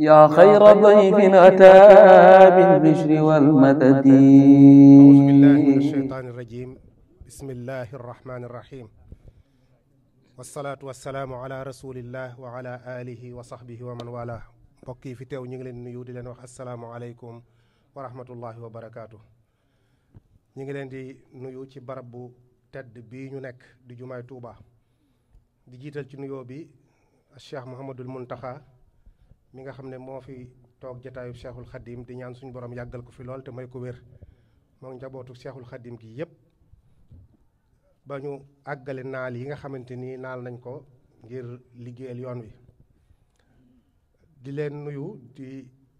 yaa xayra dayfin ataa bil bishri wal madad. auzu billaahi mina shaytaani rajiim bismillaahi rahmaani rahiim. wasalaatu wasalaamu ala rasulilah wa ala aalihi wa saxbihi wa man waalaa. mbokk yi fi teew ñu ngi leen nuyu di leen wax asalaamu aleykum wa rahmatullaahi wa barakaatu. ñu ngi leen di nuyu ci barab bu tedd bii ñu nekk di jumaay Tuuba. di jiital ci nuyoo bi Cheikh Mouhamadul Muntaxa mi nga xam ne moo fi toog jataayu Cheikhul Khadim di ñaan suñu borom yàggal ko fi lool te may ko wér moo njabootu Cheikhul Khadim gi yëpp ba ñu àggale naal yi nga xamante ni naal nañ ko ngir liggéeyal yoon wi di leen nuyu di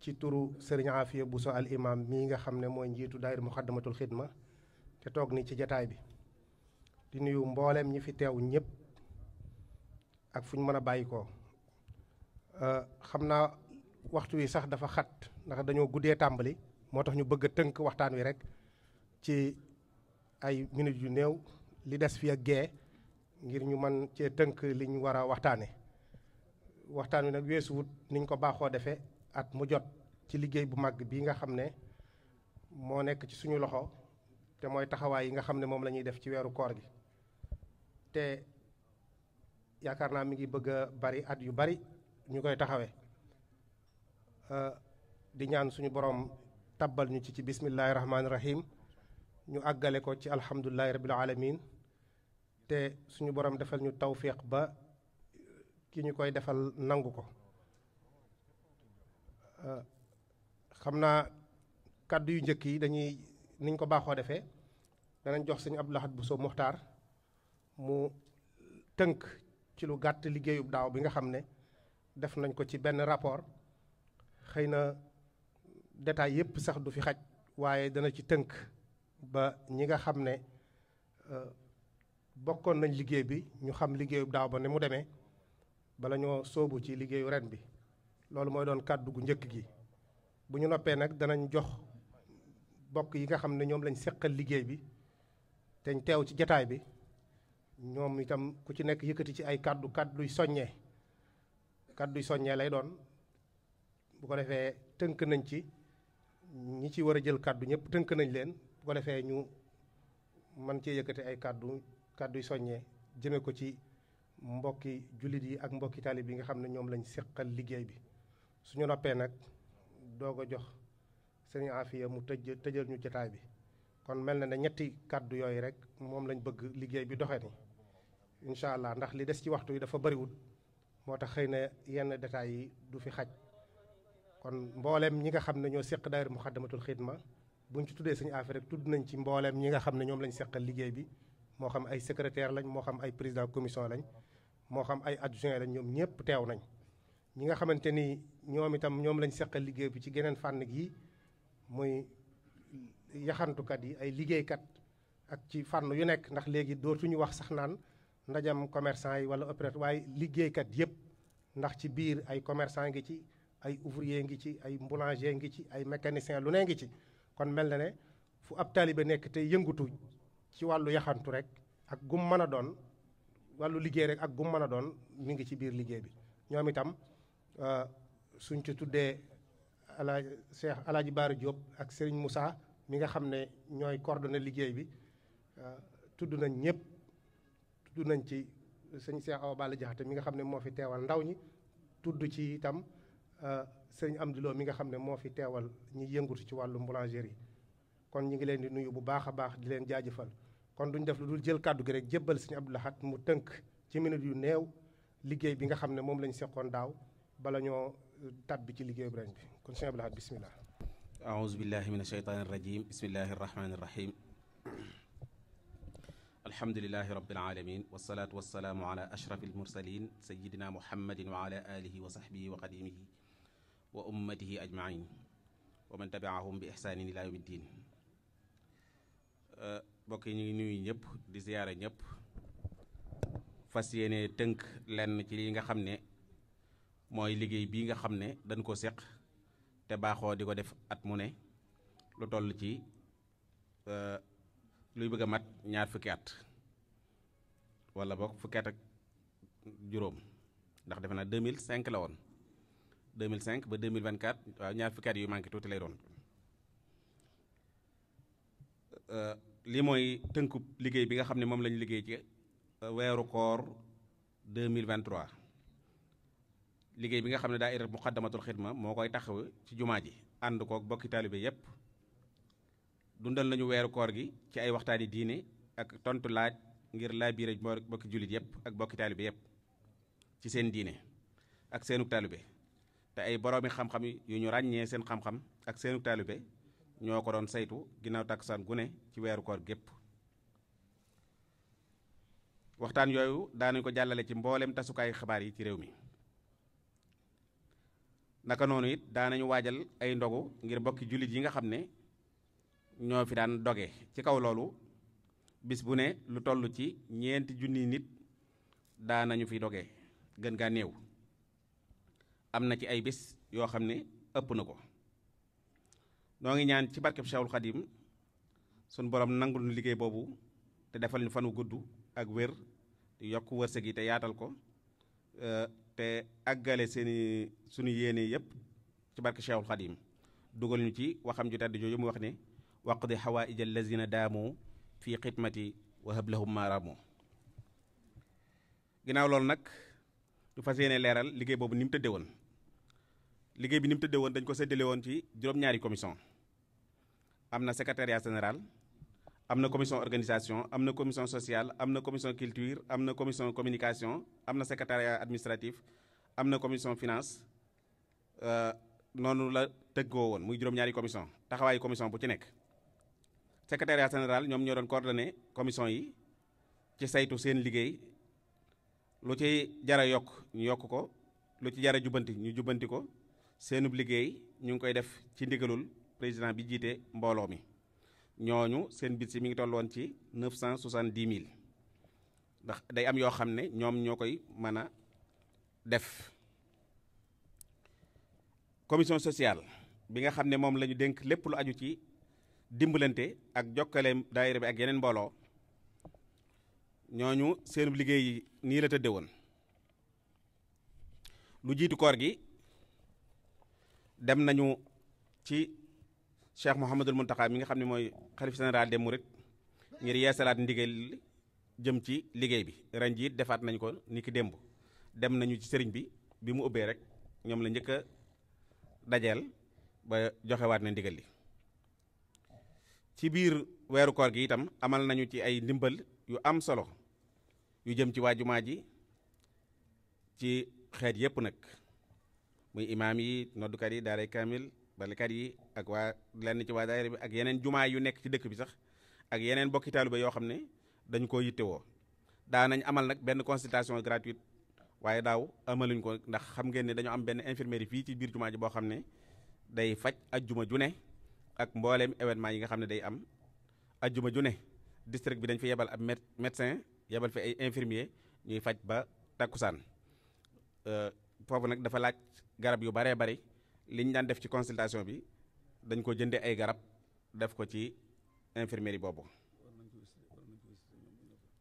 ci turu Serigne Afia Bousso al imam mii nga xam ne mooy njiitu daayir muxaddamatul xidma te toog ni ci jataay bi di nuyu mbooleem ñi fi teew ñëpp ak fu ñu mën a bàyyi ko Euh, xam naa waxtu wi sax dafa xat ndax dañoo guddee tàmbali moo tax ñu bëgg a tënk waxtaan wi rek ci ay minutes yu néew li des fi ak gee ngir ñu mën cee tënk liñ ñu war a waxtaane waxtaan wi nag weesu wut niñ ko baaxoo defee at mu jot ci liggéey bu mag bi nga xam ne moo nekk ci suñu loxo te mooy taxawaay yi nga xam ne moom lañuy def ci weeru koor gi te yaakaar naa mi ngi bëgg bari at yu bari ñu koy taxawee euh, di ñaan suñu boroom tabbal ñu ci ci bismillahi rahmaani rahim ñu àggale ko ci alhamdulilahi rabbil alamin te suñu borom defal ñu tawfiq ba ki ñu koy defal nangu ko euh, xam naa kàddu yu njëkk yi dañuy niñ ko baaxoo defee danañ jox sëñ Abdou Lahad Bousso Muxtaar mu tënk ci lu gàtt liggéeyub daaw bi nga xam ne def nañ ko ci benn rapport xëy na détail yépp sax du fi xaj waaye dana ci tënk ba ñi nga xam ne euh, bokkoon nañ liggéey bi ñu xam liggéeyu daaw ba ni mu demee bala ñoo sóobu ci liggéeyu ren bi loolu mooy doon kàddu gu njëkk gi bu ñu noppee nag danañ jox bokk yi nga xam ne ñoom lañ seqal liggéey bi te ñu teew ci jataay bi ñoom itam ku ci nekk yëkkati ci ay kàddu kàdduy soññee kàdduy soññee lay doon bu ko defee tënk nañ ci ñi ci war a jël kàddu ñëpp tënk nañ leen bu ko defee ñu man cee yëkkate ay kàddu kàdduy soññee jëme ko ci mbokki jullit yi ak mbokki taalib yi nga xam ne ñoom lañ seqal liggéey bi suñu noppee nag doog a jox sëriñ Afiya mu tëj tëjal ñu jotaay bi kon mel na ne ñetti kàddu yooyu rek moom lañ bëgg liggéey bi doxe ni incha allah ndax li des ci waxtu yi dafa bariwul moo tax xëy na yenn détails yi du fi xaj kon mbooleem ñi nga xam ne ñoo seq daayira muxaddamatul xidma buñ ci tuddee Sëñ Afe rek tudd nañ ci mbooleem ñi nga xam ne ñoom lañ seqal liggéey bi moo xam ay secrétaire lañ moo xam ay président commission lañ moo xam ay adjoint lañ ñoom ñëpp teew nañ ñi nga xamante ni ñoom itam ñoom lañ seq liggéey bi ci geneen fànn gi muy yaxantukat yi ay liggéeykat ak ci fànn yu nekk ndax léegi dootuñu wax sax naan ndajam commerçant yi wala opérateur waaye liggéeykat yëpp ndax ci biir ay commerçant ngi ci ay ouvrier ngi ci ay boulanger ngi ci ay mécanicien lu ne ngi ci kon mel na ne fu ab taalibe nekk te yëngatu ci wàllu yaxantu rek ak gum mën a doon wàllu liggéey rek ak gum mën a doon mi ngi ci biir liggéey bi ñoom itam euh, suñ ci tuddee ala Cheikh Alaaji Baara Diop ak sëriñ Moussa mi nga xam ne ñooy coordonné liggéey bi euh, tudd nañ ñëpp tudd nañ ci sëñ Cheikh Awa Balla Diakhaté mi nga xam ne moo fi teewal ndaw ñi tudd ci itam euh, sëñ Amdi Lo mi nga xam ne moo fi teewal ñi yëngutu ci wàllu boulangerie kon ñi ngi leen di nuyu bu baax a baax di leen jaajëfal kon duñ def lu dul jël kàddu gi rek jébbal sëñ Abdou Lahad mu tënk ci minute yu néew liggéey bi nga xam ne moom lañ seqoon daaw bala ñoo euh, tàbbi ci liggéey liggéeyu ren bi kon sëñ Abdou Lahad bisimilah. aouzu billahi min ashaytaani rajim bismillahi rahmaani rahim alhamdulilahi rabbil alamin wasalaatu wasalaamu ala ashraf almursalin sayidina muhammadin wa ala alihi wa sahbihi wa qadimihi wa ummatihi ajmain wa man tabiahum bi ihsanin ila yawmi ddin euh, mbokk yi ñu ngi nuyu ñëpp di ziyaara ñëpp fas yéene tënk lenn ci li nga xam ne mooy liggéey bi nga xam ne dañ ko seq te baaxoo di ko def at mu ne lu toll ci euh, luy bëgg a mat ñaar fukki at wala boog fukki at ak juróom ndax defe naa 2005 la woon mille 2005 ba 2024 waaw ñaar fukki at yu manqué tuuti lay doon euh, lii mooy tënku liggéey bi nga xam ne moom lañu liggéey ci euh, weeru koor 2023 liggéey bi nga xam ne daa irat muqaddamatul xidma moo koy taxaw ci jumaa ji ànd kook bokki taalibe yépp dundal nañu weeru koor gi ci ay waxtaani diine ak tontu laaj ngir laabiire bokki jullit yépp ak bokki taalibe yépp ci seen diine ak seenu taalibe te ay boroomi xam-xam yu ñu ràññee seen xam-xam ak seenug taalibe ñoo ko doon saytu ginnaaw takk gu gune ci weeru koor gépp waxtaan yooyu daanañu ko jàllale ci mboolem tasukaay xabaar yi ci réew mi naka noonu it daanañu waajal ay ndogu ngir bokki jullit yi nga xam ne ñoo fi daan doge ci kaw loolu bis bu ne lu toll ci ñeenti junni nit daanañu fi doge gën gaa néew am na ci ay bis yoo xam ne ëpp na ko noo ngi ñaan ci barkeb Cheikhul Khadim sunu borom nangul liggéey boobu te defal ñu fan gudd ak wér yokk wërsëg yi te yaatal ko e, te àggale seeni sunu yéene yépp ci barke Cheikhul Khadim dugal ñu ci waxam ju tedd jooju mu wax ne waqdi xawaaija allazina daamoo fi xidmati wa hablahum maaraamu ginnaaw loolu nag ñu fas yéene leeral liggéey boobu ni mu tëddee woon liggéey bi ni mu tëddee woon dañ ko séddale woon ci juróom-ñaari commission am na secrétariat général am na commission organisation am na commission sociale am na commission culture am na commission communication am na secrétariat administratif am na commission finance euh, noonu la tëggoo woon muy juróom-ñaari commission taxawaayu bu ci nekk secrétariat général ñoom ñoo doon coordonné commission yi ci saytu seen liggéey lu ci jara yokk ñu yokk ko lu ci jara jubanti ñu jubanti ko seenub liggéey ñu ngi koy def ci ndigalul président bi jiite mbooloo mi ñooñu seen bit si mi ngi toll ci neuf cent soixante dix mille ndax day am yoo xam ne ñoom ñoo koy mën a def commission sociale bi nga xam ne moom lañu ñu dénk lépp lu aju ci dimbalante ak jokkale daayira bi ak yeneen mbooloo ñooñu seen liggéey yi nii la tëdde woon lu jiitu koor gi dem nañu ci cheikh Mouhamadul Mountakha mi nga xam ne mooy xalif général des mourides ngir yeesalaat ndigal jëm ci liggéey bi ren defaat nañ ko niki ki démb dem nañu ci sëriñ bi bi mu ubbee rek ñoom la njëkk a dajeel ba joxewaat na ndigal li ci biir weeru koor gi itam amal nañu ci ay ndimbal yu am solo yu jëm ci waa jumaa ji ci xeet yépp nag muy imaam yi noddukat yi daaray kaamil balikat yi ak waa lenn ci waa daayira bi ak yeneen jumaa yu nekk ci dëkk bi sax ak yeneen bokki taalibe yoo xam ne dañ koo yittewoo daa nañ amal nag benn consultation gratuite waaye daaw amaluñ ko ndax xam ngeen ne dañoo am benn infirmerie fii ci biir jumaa ji boo xam ne day faj ajjuma ju ne ak mbooleem événement yi nga xam ne day am ajjuma ju ne district bi dañ fi yebal ab médecin yebal fi ay infirmier ñuy faj ba takkusaan euh, foofu nag dafa laaj garab yu baree bari li ñu daan def ci consultation bi dañ ko jënde ay garab def ko ci yi boobu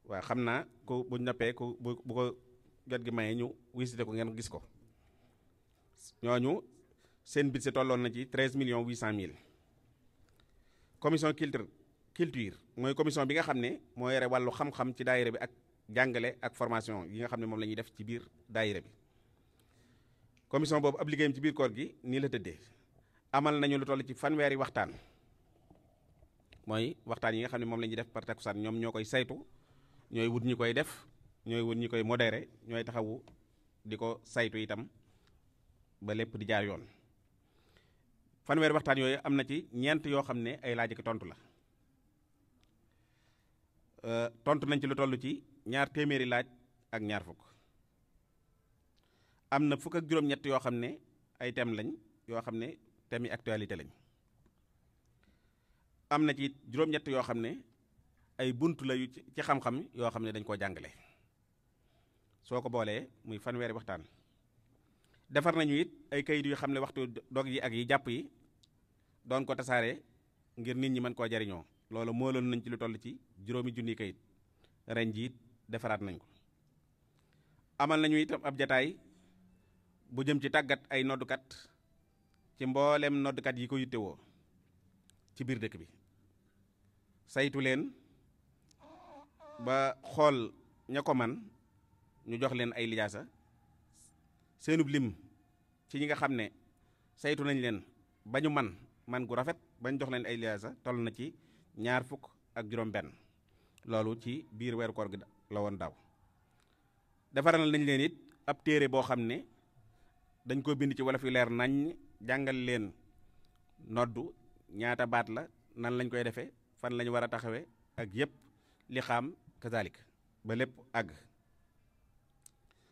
waaw xam naa ku bu noppee ku bu bu ko jot gi mayee ñu visité ko ngeen gis ko ñooñu seen budget tolloon na ci treize millions huit cent mille commission culture culture mooy commission bi nga xam ne moo yore wàllu xam-xam ci daayira bi ak jàngale ak formation yi nga xam ne moom lañuy def ci biir daayira bi commission boobu ab liggéeyam ci biir koor gi nii la tëddee amal nañu lu toll ci fanweeri waxtaan mooy waxtaan yi nga xam ne moom la ñuy def par takkusaan ñoom ñoo koy saytu ñooy wut ñi koy def ñooy wut ñi koy modéré ñooy taxawu di ko saytu itam ba lépp di jaar yoon fanweeri waxtaan yooyu am na ci ñeent yoo xam ne ay laaj ak tontu la euh, tont nañ ci lu toll ci ñaar téeméeri laaj ak ñaar fukk am na fukk ak juróom-ñett yoo xam ne ay thèmes lañ yoo xam ne thèmes yi actualité lañ am na ci juróom-ñett yoo xam ne ay bunt la ci xam-xam yoo xam ne dañ koo jàngale soo ko boolee muy fanweeri waxtaan defar nañu it ay kayit yu xam ne waxtu dog yi ak yi jàpp yi doon ko tasaare ngir nit ñi mën koo jariñoo loolu mooloon nañu ci lu toll ci juróomi junni kayit ren jiit defaraat nañ ko amal nañu itam ab jataay bu jëm ci tàggat ay noddukat ci mbooleem noddukat yi ko yittewoo ci biir dëkk bi saytu leen ba xool ña ko man ñu jox leen ay lijaasa seenub lim ci ñi nga xam ne saytu nañ leen ba ñu man man gu rafet bañ jox leen ay liyaasa toll na ci ñaar fukk ak juróom-benn loolu ci biir weeru koor gi la woon daaw. defaral nañ leen it ab téere boo xam ne dañ ko bind ci wolof fi leer nañ jàngal leen noddu ñaata baat la nan lañ koy defee fan lañ war a taxawee ak yëpp li xaam kazalik ba lépp àgg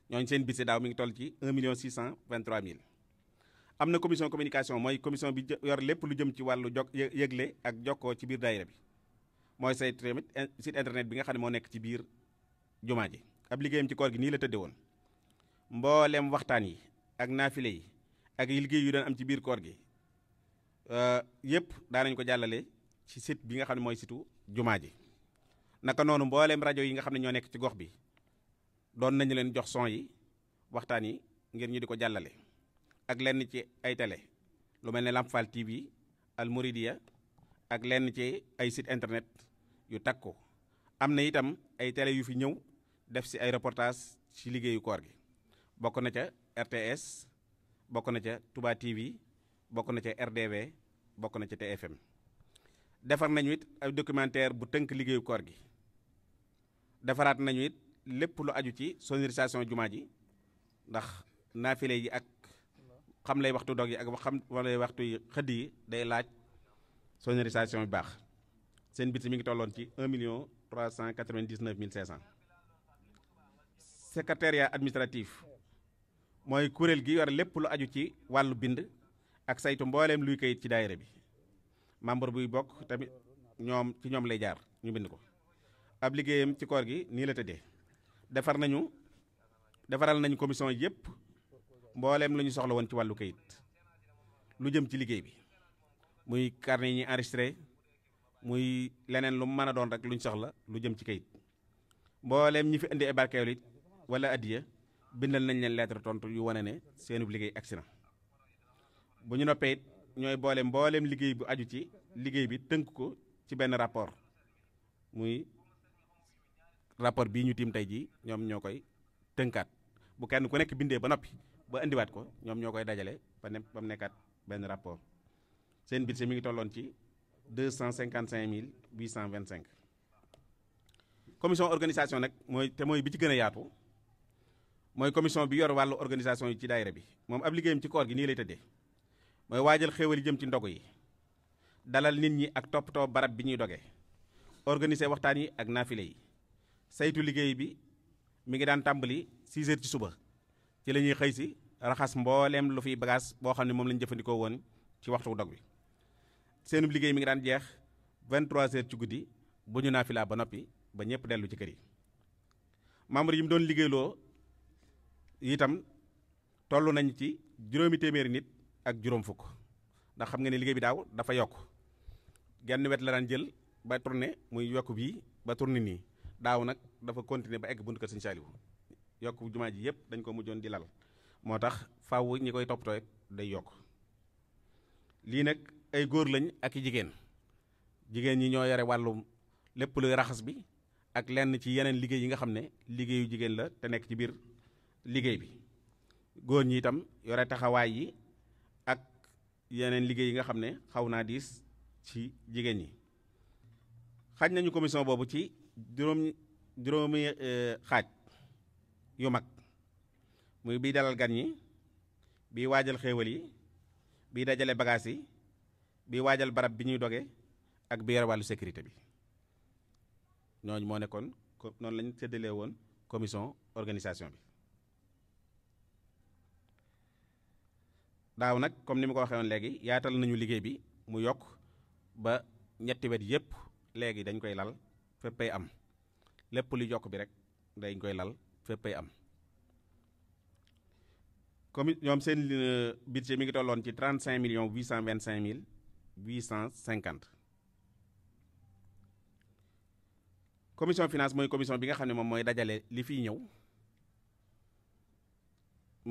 ñooñ seen bisi daaw mi ngi toll ci 1 million 623 mille am na commission communication mooy commission bi yor lépp lu jëm ci wàllu jok yëgle ak jokkoo ci biir daayira bi mooy say tamit site internet bi nga xam ne moo nekk ci biir jumaa ji ab liggéeyam ci koor gi nii la tëdde woon mboolem waxtaan yi ak naafile yi ak liggéey yu doon am ci biir koor gi euh, yëpp daanañ ko jàllale ci site bi nga xam ne mooy situ jumaa ji naka noonu mboolem rajo yi nga xam ne ñoo nekk ci gox bi doon nañu leen jox son yi waxtaan yi ngir ñu di ko jàllale ak lenn ci ay télé lu mel ne Lamp Fall TV Al Mouridiya ak lenn ci ay site internet yu takku am na itam ay télé yu fi ñëw def si ay reportage ci liggéeyu koor gi bokk na ca RTS bokk na ca Touba TV bokk na ca RDV bokk na ca TFM defar nañu it ay documentaire bu tënk liggéeyu koor gi defaraat nañu it lépp lu aju ci sonorisation jumaa ji ndax naafile yi ak xam lay waxtu dog yi ak xam lay waxtu yi xëdd yi day laaj sonorisation bi baax seen bit mi ngi tolloon ci 1 million 399 mille 500 secrétariat administratif mooy kuréel gi war lépp lu aju ci wàllu bind ak saytu mbooleem luy kayit ci daayira bi membre buy bokk tamit ñoom ci ñoom lay jaar ñu bind ko ab liggéeyam ci koor gi nii la tëddee defar nañu defaral nañu commission yépp mbooleem la soxla woon ci wàllu kayit lu jëm ci liggéey bi muy carnet yi ñi enregistré muy leneen lu mën a doon rek luñ ñu soxla lu jëm ci kayit mbooleem ñi fi indi ay barkeelu it wala addiya bindal nañ leen lettre tontu yu wane ne seenub liggéey agsi na bu ñu noppee it ñooy boole mbooleem liggéey bu aju ci liggéey bi tënk ko ci benn rapport muy rapport bii ñu tiim tey jii ñoom ñoo koy tënkaat bu kenn ku nekk bindee ba noppi ba indiwaat ko ñoom ñoo koy dajale ba ne ba mu nekkaat benn rapport seen budget mi ngi tolloon ci deux cent cinquante cinq mille huit cent vingt cinq. commission organisation nag mooy te mooy bi ci gën a yaatu mooy commission bi yor wàllu organisation yi ci daayira bi moom ab liggéeyam ci koor gi nii lay tëddee mooy waajal xéewal yi jëm ci ndogu yi dalal nit ñi ak toppatoo barab bi ñuy doge organiser waxtaan yi ak naafile yi saytu liggéey bi mu ngi daan tàmbali 6 heures ci suba. ci lañuy xëy si raxas mbooleem lu fiy bagage boo xam ne moom lañ jëfandikoo woon ci waxtu dog bi seenub liggéey mi ngi daan jeex 23 heures ci guddi bu ñu naafilaa ba noppi ba ñëpp dellu ci kër yi membre yi mu doon liggéeyloo itam toll nañ ci juróomi téeméeri nit ak juróom fukk ndax xam nga ne liggéey bi daaw dafa yokk genn wet la daan jël ba tourné muy yokk bii ba tourné nii daaw nag dafa continuer ba egg buntu kër Sëñ Saaliwu yokk jumaa ji yëpp dañ ko mujjoon di lal moo tax faw ñi koy toppatoo it day yokk lii nag ay góor lañ ak jigéen jigéen ñi ñoo yore wàllu lépp luy raxas bi ak lenn ci yeneen liggéey yi nga xam ne liggéeyu jigéen la te nekk ci biir liggéey bi góor ñi itam yore taxawaay yi ak yeneen liggéey yi nga xam ne xaw naa diis ci jigéen ñi xaaj nañu ko commission boobu ci juróom juróomi eh, xaaj yu mag muy bii dalal gan ñi bii waajal xéewal yi bii dajale bagaas yi bii waajal barab bi ñuy doge ak bi yar wàllu sécurité bi ñooñu moo nekkoon ko noonu lañu séddalee woon commission organisation bi daaw nag comme ni ma ko waxee léegi yaatal nañu liggéey bi mu yokk ba ñetti wet yépp léegi dañ koy lal féppay am lépp lu yokk bi rek dañ koy lal féppay am comme ñoom seen euh, budget mi ngi tolloon ci trent cinq million huit cent vingt cinq mille huit cent cinquante commission finance mooy commission bi nga xam ne moom mooy dajale li fiy ñëw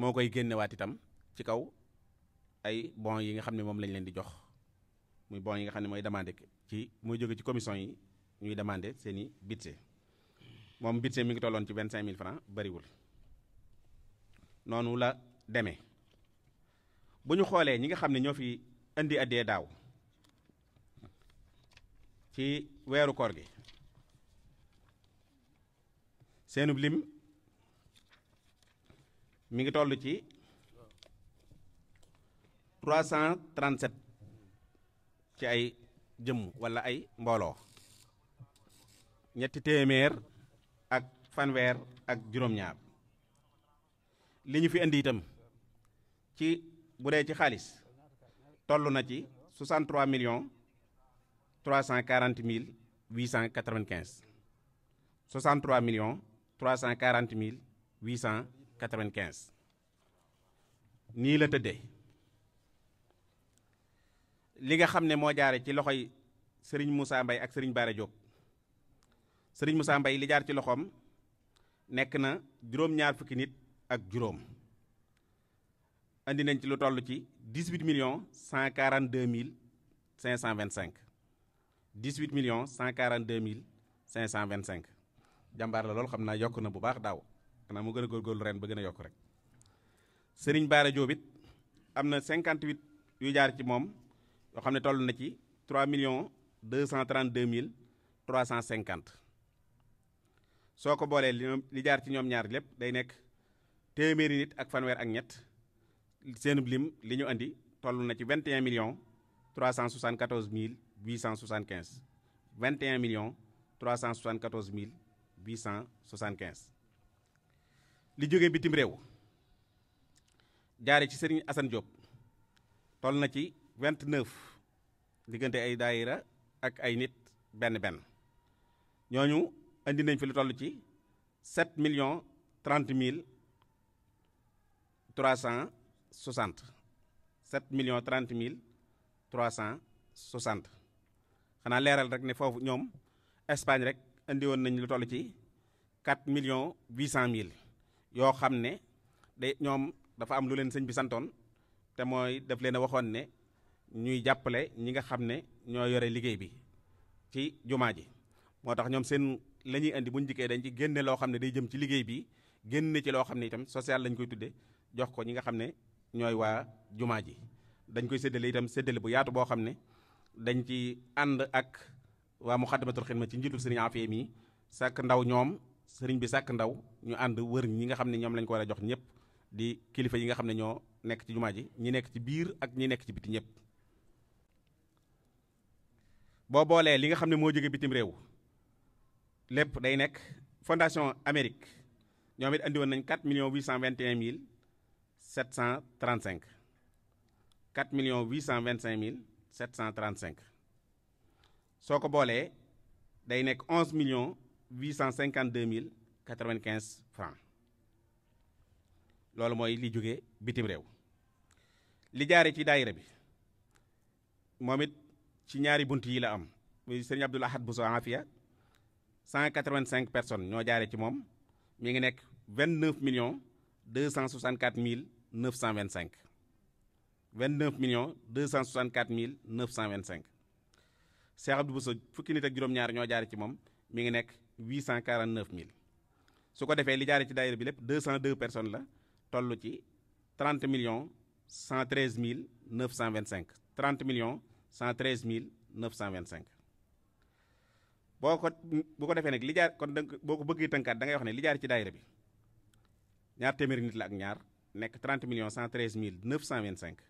moo koy génnewaat itam ci kaw ay bon yi nga xam ne moom lañ leen di jox muy bon yi nga xam ne mooy demandé ci mooy jóge ci commission yi ñuy demandé seeni budget moom budget mi ngi tolloon ci vingt cinq mille francs bariwul noonu la deme bu ñu xoolee ñi nga xam ne ñoo fi indi addee daaw ci weeru koor gi seenub lim mi ngi toll ci trois cent trente ci ay jëmm walla ay mbooloo ñetti téeméer fanweer ak juróom-ñaar li ñu fi indi itam ci bu dee ci xaalis toll na ci million millions 340 mille 895 63 millions 340 mille 895 nii la tëddee li nga xam ne moo jaare ci loxoy sëriñ Moussa mbay ak sëriñ Bara Diop Serigne Moussa Mbaye li jaar ci loxoom nekk na juróom-ñaar fukki nit ak juróom indi nañ ci lu toll ci dix-huit millions cent quarante-deux mille cinq cent vingt-cinq dix-huit millions cent quarante-deux mille cinq cent vingt-cinq jàmbaar la loolu xam naa yokk na bu baax daaw xanaa mu gën a góorgóorlu reen ba gën a yokk rek Serigne baara Diop it am na cinquante-huit yu jaar ci moom yoo xam ne toll na ci trois millions deux cent trente mille trois cent cinquante soo ko boolee li li jaar ci ñoom ñaar lépp day nekk téeméeri nit ak fanweer ak ñett seenub lim li ñu indi toll na ci million 21 millions 374 mille cent 875 21 millions 374 mille 875 li jóge bitim réew jaare ci Serigne Assane Diop toll na ci 29 diggante ay daayira ak ay nit benn benn indi nañ fi lu tollu ci sept millions trente mille trois cent soixante million millions trente mille trois cent soixante xanaa leeral rek ne foofu ñoom Espagne rek indi woon nañ lu toll ci quatre million huit cent mille yoo xam ne day ñoom dafa am lu leen sëñ bi santoon te mooy daf leen a waxoon ne ñuy jàppale ñi nga xam ne ñoo yore liggéey bi ci jumaa ji moo tax ñoom seen lañuy indi andi bu dañ ci génne loo xam ne day jëm ci liggéey bi génne ci loo xam ne itam social lañu koy tudde jox ko ñi nga xam ne ñooy waa jumaa ji dañ koy séddale itam séddale bu yaatu boo xam ne dañ ci ànd ak waa Muxaddamatul ma ci njiitul sëriñ Afee mii sàkk ndaw ñoom sëriñ bi sàkk ndaw ñu ànd wër ñi nga xam ne ñoom lañ ko war a jox ñëpp di kilifa yi nga xam ne ñoo nekk ci jumaa ji ñi nekk ci biir ak ñi nekk ci biti ñëpp boo boolee li nga xam ne moo jóge bitim réew lépp day nekk fondation Amérique ñoom it andi woon nañ 4 millions 821 mille 735 4 millions 825 mille cinq soo ko boolee day nekk 11 millions 852 mille 95 francs loolu mooy li jóge bitim réew li jaare ci daayira bi moom it ci ñaari bunt yi la am muy sëriñ Abdul Ahad Bousso Afia cent quatre-vingt-cinq personnes ñoo jaare ci moom mi ngi nekk vingt-neuf million deux cent soixante-quatre mille neuf cent vingt-cinq vingt-neuf millions deux cent soixante-quatre mille neuf cent cinq Cheikh Abdou Bousso fukki nit ak juróom-ñaar ñoo jaare ci moom mi ngi nekk huit cent quarante-neuf mille su ko defee li jaare ci daayira bi lépp deux cent deux personnes la toll ci trente million cent treize mille neuf cent vingt-cinq trente million cent treize mille neuf cent vingt-cinq boo ko bu ko defee nag li jaar kon danga boo ko bëggee tënkaat da ngay wax ne li jaar ci daayira bi ñaar téeméeri nit la ak ñaar nekk 30 millions 113 mille 925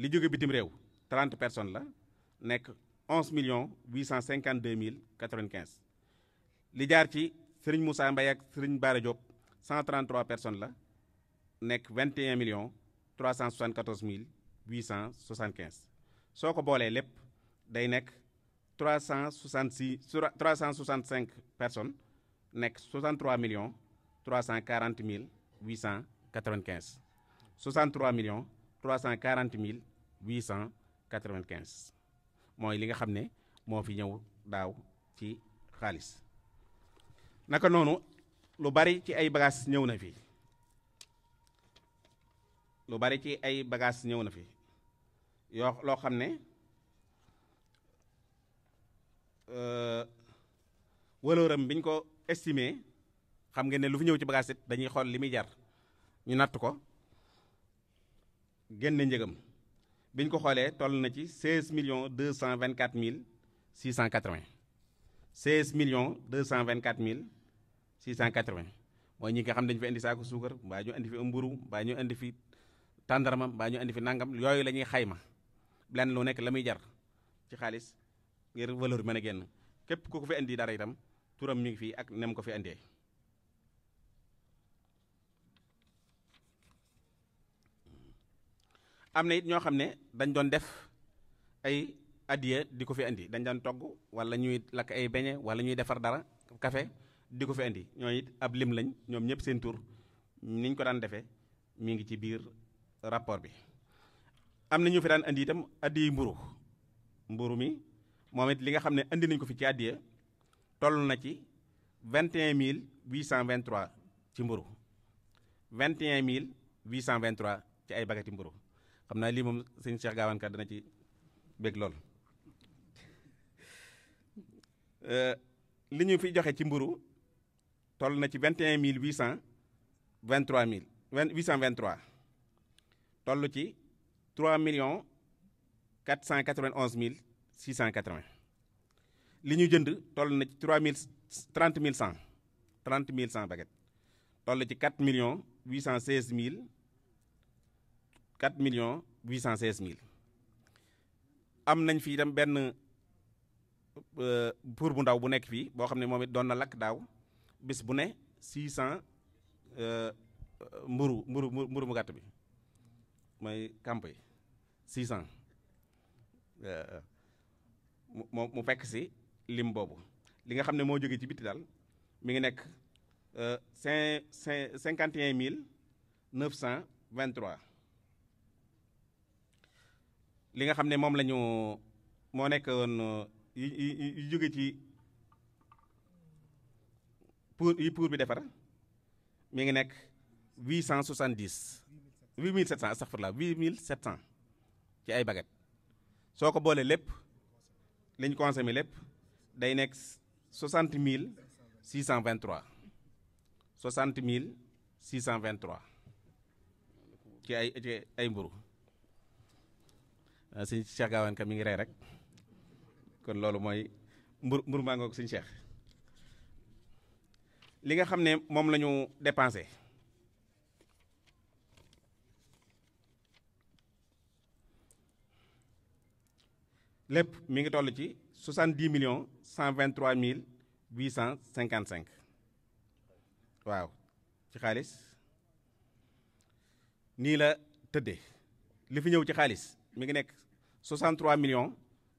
li jóge bitim réew 30 personnes la nekk 11 millions 852 mille 95 li jaar ci Serigne Moussa Mbaye ak Serigne Bara Diop 133 personnes la nekk 21 millions 374 mille 875 soo ko boolee lépp day nekk. trois cent soixante six trois cent soixante cinq personnes nekk soixante trois million trois cent quarante mille huit cent quatre vingt quinze. millions trois cent quarante mille huit cent quatre mooy li nga xam ne moo fi ñëw daaw ci xaalis naka noonu lu bari ci ay bagages ñëw na fi. lu bari ci ay bagages ñëw na fi yoo loo xam ne. Euh, walooram biñ ko estimé xam ngeen ne lu fi ñëw ci bagage dañuy xool li muy jar ñu natt ko génne njëgam biñ ko xoolee toll na ci seize million deux cent vingt quatre mille six cent quatre vingt seize millions deux cent vingt quatre mille six cent quatre vingt mooy ñi nga xam dañu fi indi saako suukar mbaa ñu indi fi mburu mbaa ñu indi fi tàndarma mbaa ñu indi fi nangam yooyu la ñuy xayma lenn lu nekk la muy jar ci xaalis ngir valeur bi mën a génn képp ku ko fi indi dara itam turam mi ngi fii ak nem ko fi indee am na it ñoo xam ne dañ doon def ay addiya di ko fi indi dañ daan togg wala ñuy lakk ay beñe wala ñuy defar dara kafe di ko fi indi ñooñu it ab lim lañ ñoom ñëpp seen tur niñ ko daan defee mi ngi ci biir rapport bi am na ñu fi daan indi itam addiyi mburu mburu mi moom it li nga xam ne indi nañ ko fi ci àddiya toll na ci vingt un mille huit cent vingt trois ci mburu vingt et mille huit cent vingt ci ay bagati mburu xam naa lii moom sëñ Cheikh Gawane Ka dana ci bég lool euh, li ñu fi joxe ci mburu toll na ci vingt un mille huit cent vingt trois mille huit cent vingt toll ci trois millions quatre cent quatre-vingt-onze cent 680 li ñu jënd toll na ci 3000 30 100 30 100 baguettes toll ci million 4 millions 816 mille million 4 cent 816 mille am nañ fi tam benn euh, pour bu ndaw bu nekk fii boo xam ne moom it doon na lakk daaw bis bu ne 600 euh, mburu mburu mburu mu gàtt bi mooy camp yi 600. mu mu fekk si lim boobu li nga xam ne moo jóge ci bitti daal mi ngi nekk euh, cinq cinq cinquante et mille neuf cent vingt trois li nga xam ne moom la ñu moo nekkoon yi jóge ci pour yi pour bi defar mi ngi nekk huit cent soixante dix huit mille sept cent astaghfirullah huit mille sept cent ci ay baget soo ko boolee lépp li ñu consommé lépp day nekk soixante mille six cent vingt trois soixante mille six cent vingt trois ci ay ci ay mburu euh, sëñ Cheikh Gawane ka mi ngi rey rek kon loolu mooy mburu mburu maa ngoog sëñ Cheikh li nga xam ne moom la ñu dépensé lépp mi ngi toll ci 70 millions 123 mille cent cinquante cinq waaw ci xaalis nii la tëddee li fi ñëw ci xaalis mi ngi nekk million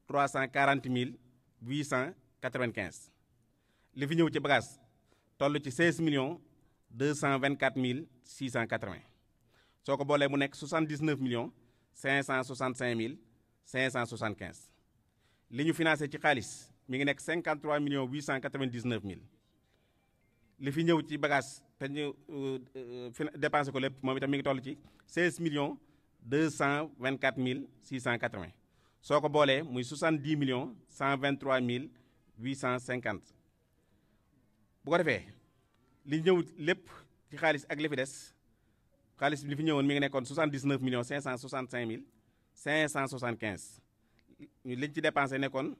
63 cent 340 mille 895 li fi ñëw ci bagage toll ci million 16 millions 224 mille 680 soo ko boolee mu nekk 79 millions 565 mille 575 li ñu financé ci xaalis mi ngi nekk 53 millions 899 mille li fi ñëw ci bagage te ñu euh, euh, dépensé ko lépp moom itam mi ngi toll ci 16 millions 224 mille 680 soo ko boolee muy 70 millions 123 mille 850 bu ko defee li ñëw lépp ci xaalis ak li fi des xaalis bi li fi ñëwoon mi ngi nekkoon 79 millions 565 mille 575 liñ ci dépensé nekkoon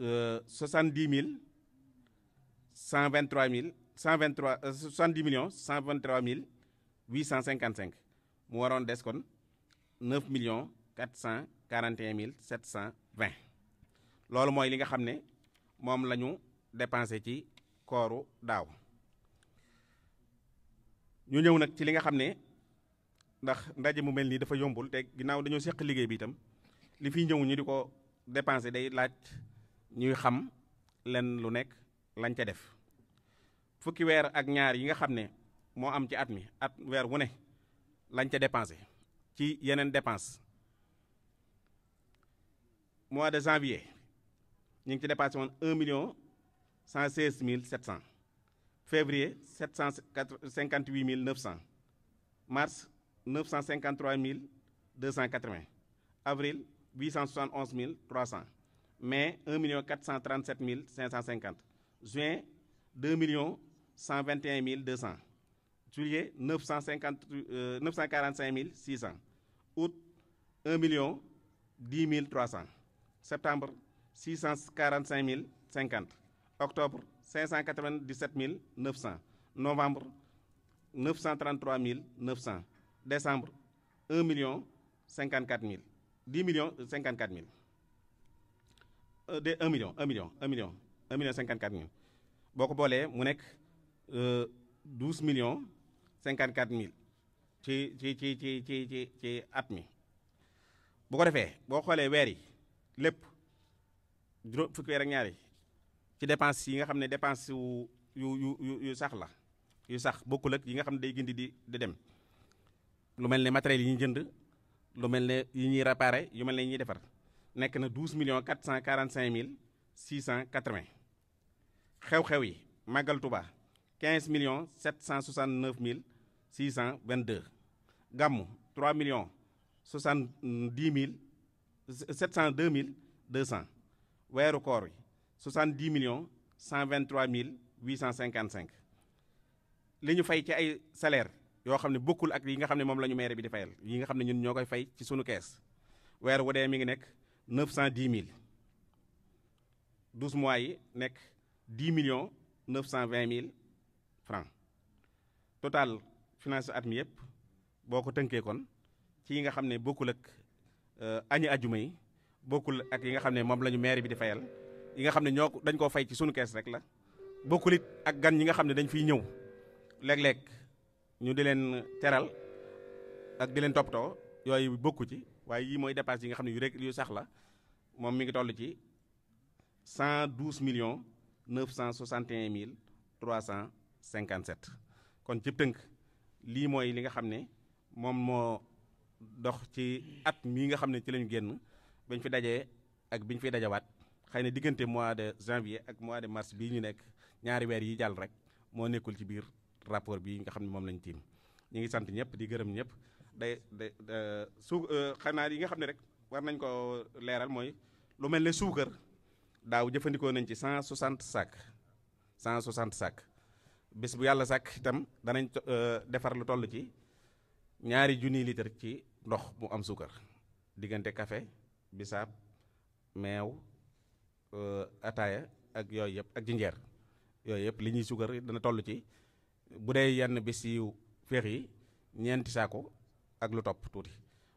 euh, soixante dix mille cent vingt trois mille cent vingt trois euh, soixante cent vingt mille huit cent cinquante cinq mu waroon des kon neuf million quatre cent quarante mille sept cent vingt loolu mooy li nga xam ne moom lañu ñu dépensé ci kooru daaw ñu ñëw nag ci li nga xam ne ndax ndaje mu mel nii dafa yombul te ginnaaw dañoo seq liggéey bi itam li fiy ñëw ñu di ko dépenser day laaj ñuy xam lenn lu nekk lañ ca def fukki weer ak ñaar yi nga xam ne moo am ci at mi at weer wu ne lañ ca dépensé ci yeneen dépense mois de janvier ñu ngi ci dépassé woon un million cent seize mille sept cent février sept cent cinquante huit mille neuf cent mars neuf cent cinquante mille deux cent quatre-vingts avril 871 mille 300 mai 1 million 437 mille 550 juin 2 millions 121 mille deux 200 juillet 950 euh, cinq mille 600 août 1 million 10 mille 300 septembre cent quarante cinq mille cinquante octobre 597 mille cent novembre 933 mille 900 décembre 1 million 54 mille 10 millions 54 mille euh, de 1 million 1 million 1 million 1 million 54 boo ko boolee mu nekk 12 euh, millions 54 mille ci ci ci ci ci ci ci at mi bu ko defee boo xoolee weer yi lépp juróom fukki weer ak ñaari ci dépense yi nga xam ne dépense yu yu yu yu sax la yu sax bokkul ak yi nga xam ne day gindi di di dem lu mel ne matériels yi ñu jënd lu mel ne yi ñuy réparé yu mel ne ñuy defar nekk na douze millions quatre cent quarante cinq mille six cent quatre vingt xew-xew yi màggal Touba quinze millions cent soixante neuf mille six cent vingt deux gàmmu trois millions soixante dix mille sept cent deux mille deux cent weeru koor yi soixante dix millions cent vingt trois mille huit cent cinquante cinq li ñu fay ci ay salaire yoo xam ne bokkul ak yi nga xam ne moom lañu ñu maire bi di fayal yi nga xam ne ñoo koy fay sunu kees weer wu dee mi ngi nekk neuf cent dix mille douze mois yi nekk dix millions neuf vingt mille francs total finance at mi yëpp boo ko tënkee ci yi nga xam ne bokkul ak euh, añi ajuma yi bokkul ak yi nga xam ne moom la ñu maire bi di fayal nga xam ne ñoo dañ koo fay ci sunu kees rek la bokkul it ak gan ñi nga xam ne dañ fiy ñëw léeg-léeg. ñu di leen teral ak di leen toppatoo yooyu bokku ci waaye yii mooy dépense yi nga xam ne yu rek yu sax la moom mi ngi toll ci cent douze million neuf cent soixante et mille trois cent cinquante sept kon ci tënk lii mooy li nga xam ne moom moo dox ci at mii nga xam ne ci lañu génn bañ fi dajee ak biñ fi dajawaat xëy na diggante mois de janvier ak mois de mars bii ñu nekk ñaari weer yi jàll rek moo nekkul ci biir rapport bi nga xam ne moom lañ tiim ñu ngi sant ñëpp di gërëm ñëpp day day su xanaa yi nga xam ne rek war nañ ko leeral mooy lu mel ne suukar daaw jëfandikoo nañ ci 160 sac 160 sac bis bu yàlla sàkk itam danañ euh, defar lu toll ci ñaari junniy litre ci ndox mu am suukar diggante kafe bisaab meew euh, ataaya ak yooyu yëpp ak jinjeer yooyu yëpp li ñuy suukar dana toll ci bu dee yenn bis yu féex yi ñeenti saako ak lu topp tuuti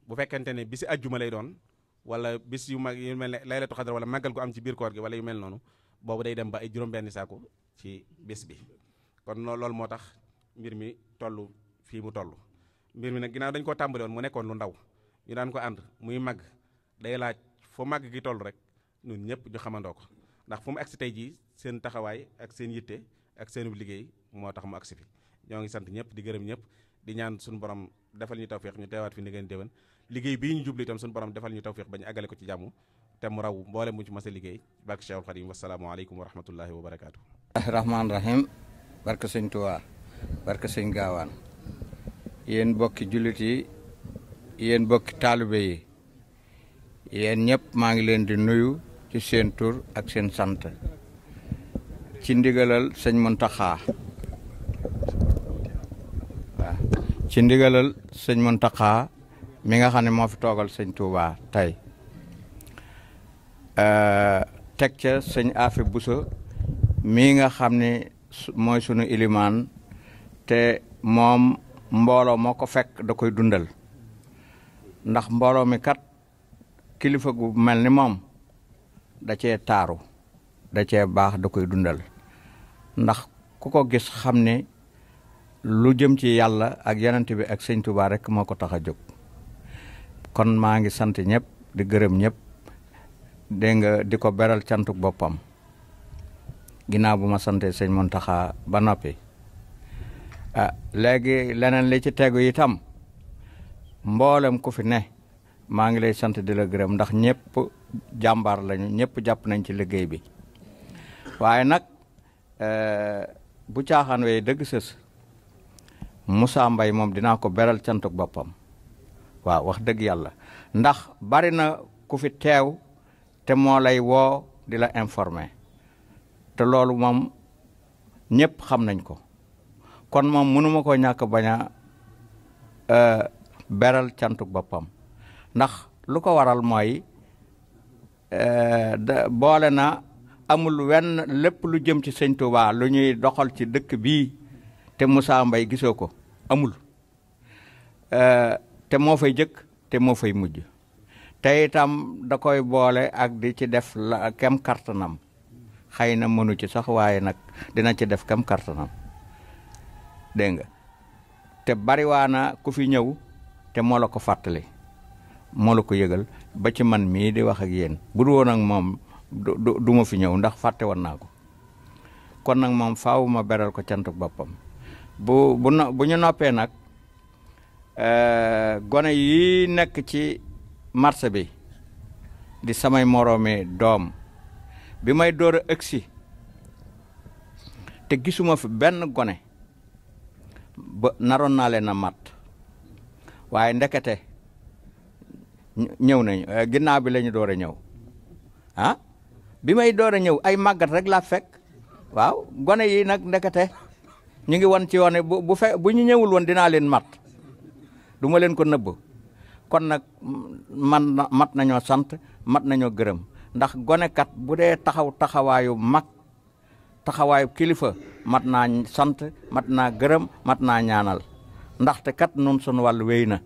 bu fekkente ne bisi ajjuma lay doon wala bis yu mag yu mel ne laylatu xadar wala màggal gu am ci biir koor gi wala yu mel noonu boobu day dem ba ay juróom benn saako ci bis bi kon lool moo tax mbir mi toll fii mu toll mbir mi nag ginnaaw dañ koo tàmbali woon mu nekkoon lu ndaw ñu daan ko ànd muy màgg day laaj foo màgg gi toll rek ñun ñëpp ñu xamandoo ko ndax fu mu agsi tey jii seen taxawaay ak seen yitte ak seen liggéey moo tax mu agsi fi ñoo ngi sant ñëpp di gërëm ñëpp di ñaan suñu borom defal ñu tawféex ñu teewaat fi ni ngeen déwén liggéey bi ñu jublu itam suñu borom defal ñu tawféex ba ñu àggale ko ci jàmm te mu raw mboolem mu ci mas a liggéey barke Cheikhul Khadim wasalaamualeykum wa rahmatullahi wa barakaatu. rahmaan rahim barke sëñ Tuubaa barke sëñ Gaawaan yéen bokki jullit yi yéen bokki taalibe yi yéen ñëpp maa ngi leen di nuyu ci seen tur ak seen sant ci ndigalal sëñ Muntaxaa ci ndigalal sëñ Mountakha mi nga xam ne moo fi toogal sëñ Touba tey teg ca sëñ Afi Bousso mi nga xam ne mooy sunu ilimaan te moom mbooloo moo ko fekk da koy dundal ndax mbooloo mi kat kilifa gu mel ni moom da cee taaru da cee baax da koy dundal ndax ku ko gis xam ne lu jëm ci yàlla ak yonent bi ak sëñ Touba rekk moo ko tax a jóg kon maa ngi sant ñëpp di gërëm ñëpp nga di ko beral cantuk boppam ginnaaw bu ma sante sëñ taxaa ba noppi ah, léegi leneen li ci tegu itam mboolem ku fi ne maa ngi lay sant di la gërëm ndax ñëpp jàmbaar lañu ñëpp jàpp nañ ci liggéey bi waaye nag eh, bu caaxaan wee dëgg sës Moussa mbay moom dinaa ko beral cantuk boppam waaw wax dëgg yàlla ndax bari na ku fi teew te moo lay woo di la informer te loolu moom ñëpp xam nañ ko kon moom mënuma ko ñàkk bañ a euh, beral cantuk boppam ndax lu ko waral mooy euh, boole na amul wenn lépp lu jëm ci sëñ Touba lu ñuy doxal ci dëkk bii te Moussa mbay gisoo ko amul eh, te moo fay jëkk te moo fay mujj te itam da koy boole ak di ci def la kem kartanam xëy na mënu ci sax waaye nag dina ci def kem kartanam dégg nga te na ku fi ñëw te moo la ko fàttali moo la ko yëgal ba ci man mii di wax ak yéen bu du woon ak moom du du fi ñëw ndax fàtte woon naa ko kon nag moom faaw ma beral ko cantuk boppam bu bu bu ñu noppee nag eh, gone yi nekk ci marché bi di samay moroomi doom bi may door a ëgsi te gisuma fi benn gone ba naroon naa leen a mat waaye ndekete ñëw nañu eh, ginnaaw bi la ñu door a ñëw ah bi may door ñëw ay màggat rek laa fekk waaw gone yi nag ndekete ñu ngi wan ci wane bu bu bu ñu ñëwul woon dinaa leen mat du ma leen ko nëbb kon nag man mat nañoo sant mat nañoo gërëm ndax gone kat bu dee taxaw taxawaayu mag taxawaayu kilifa mat naa sant mat naa gërëm mat naa ñaanal ndaxte kat nun sunu wàll wéy na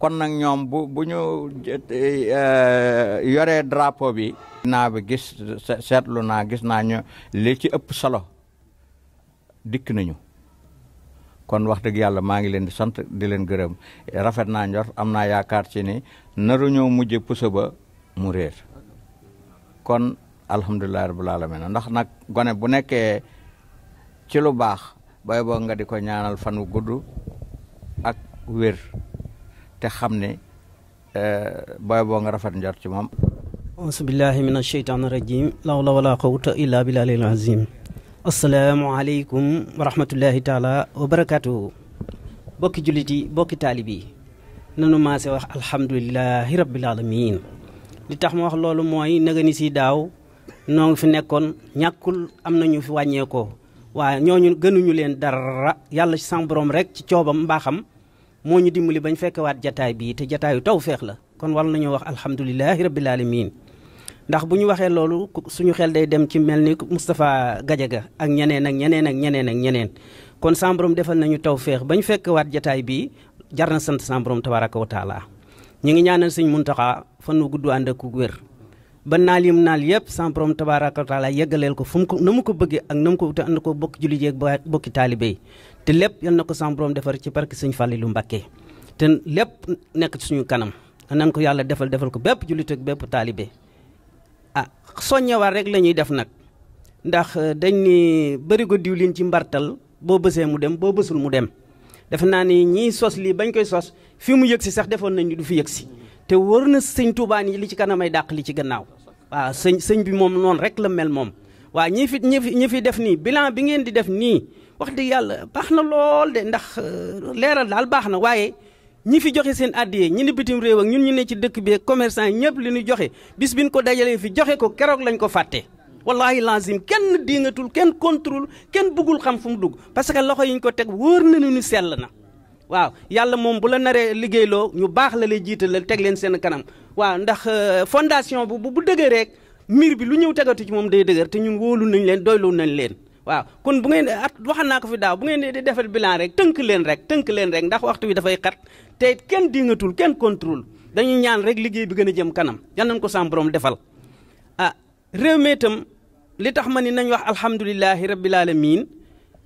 kon nag ñoom bu bu ñu eh, yore drapeau bi naa bi gis seetlu naa gis naa ñu li ci ëpp solo dikk nañu kon wax dëgg yàlla maa ngi leen di sant di leen gërëm rafet naa njort am naa yaakaar ci ni naru ñoo mujj puso ba mu réer kon alhamdulilah rabbil alamin ndax nag gone bu nekkee ci lu baax bay boo nga di ko ñaanal fan wu gudd ak wér te xam ne eh, bay boo nga rafet njor ci moom auzu billahi min asheytaan irajim lawla wala quwwata illa billahil azim asalaamualeykum wa rahmatullahi taala wa barakaatu. bokki jullit yi bokki taalib yi nanu maase wax alhamdulilahi rabbil alamin li tax mu wax loolu mooy naga ni daaw noo ngi fi nekkoon ñàkkul am nañu fi wàññeekoo waaye ñooñu gënuñu leen dara yàlla ci sam borom rek ci coobam mbaaxam moo ñu dimbali fekke waat jataay bii te jataayu taw feex la kon war nañoo wax alhamdulilahi rabbil alamin ndax bu ñu waxee loolu suñu xel day dem ci mel ni Moustapha Gadiaga ak ñeneen ak ñeneen ak ñeneen ak ñeneen kon sambrom defal nañu taw feex ba ñu fekk waat jataay bii jar na sant sambrom tabaraka wa taala ñu ngi ñaanal suñ muntaxaa fan wu gudd ànd ak ku wér ba naal yim naal yëpp sambrom tabaraka wa yeggaleel ko fu mu na mu ko bëggee ak na mu ko te ànd ko bokki jullit yi ak bokki taalibe yi te lépp yal na ko sambrom defar ci barke suñ Fàllilu Mbàkke te lépp nekk ci suñu kanam nan ko yàlla defal defal ko bépp jullit ak bépp taalibe ah soññewaat rek la ñuy def nag ndax euh, dañ ni bërigo diwlin ci mbartal boo bësee mu dem boo bësul mu dem defe naa ni ñiy sos lii bañ koy sos fii mu yëg si sax defoon nañu du fi yëg si te wër na sëñ Tuubaa yi li ci kanamay dàq li ci gannaaw waaw sëñ sëñ bi moom noonu rek la mel moom waaw ñi fi ñi fi def nii bilan bi ngeen di def nii wax dëgg yàlla baax na lool de ndax euh, leeral daal baax na waaye ñi fi joxe seen àddiyee ñi ne bitim réew ak ñun ñu ne ci dëkk bi yi ñëpp li ñu joxe bis biñ ko dajalee fi joxe ko keroog lañ ko fàtte wallahi lazim kenn diingatul kenn contrôle kenn bëggul xam fu mu dugg parce que loxo yi ñu ko teg wóor nañu ni sell na waaw yàlla moom bu la naree liggéeyloo ñu baax la lay jiitalal teg leen seen kanam waaw ndax euh, fondation bu bu dëgër rek miir bi lu ñëw tegatu ci moom day dëgër te ñun wóolu nañ leen doylu nañ leen waaw kon bu ngeen at waxal naa ko fi daaw bu ngeen di defal bilan rek tënk leen rek tënk leen rek ndax waxtu wi dafay xat te kenn dingatul kenn contrôle dañu ñaan rek liggéey bi gën a jëm kanam yal nañ ko sam defal ah réew mi itam li tax ma ni nañ wax alhamdulilahi rabbil alamin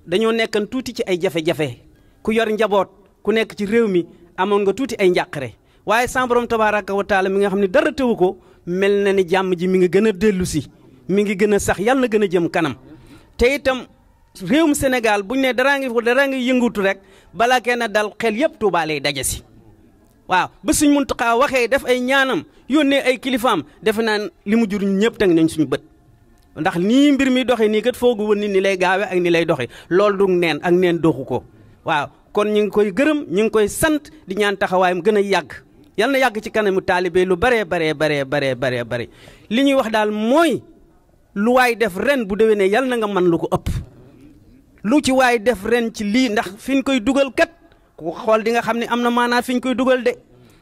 dañoo nekkan tuuti ci ay jafe-jafe ku yor njaboot ku nekk ci réew mi amoon nga tuuti ay njàqare waaye sam borom tabaraka wa taala mi nga xam ne dara tëwu ko mel na ni jàmm ji mi nga gën a dellu si mi ngi gën a sax yàlla na gën a jëm kanam te itam réewum Sénégal buñ ne daraa ngi daraa ngi yëngutu rek balaa kenn dal xel yëpp Touba lay si waaw ba suñ Muntaxa waxee def ay ñaanam yónnee ay kilifaam defe naa li mu jur ñun ñëpp teg nañ suñu bët ndax nii mbir mi doxee nii kat foogu woon ni ni lay gaawe ak ni lay doxee loolu du neen ak neen doxu ko waaw kon ñu ngi koy gërëm ñu ngi koy sant di ñaan taxawaayam gën a yàgg yal na yàgg ci kanamu taalibe lu baree baree baree baree baree bare li ñuy wax daal mooy lu waay def ren bu déwénee yal na nga man lu ko ëpp lu ci waay def ren ci lii ndax fi ñu koy dugal kat ku xool di nga xam ne am na maanaa fi koy dugal de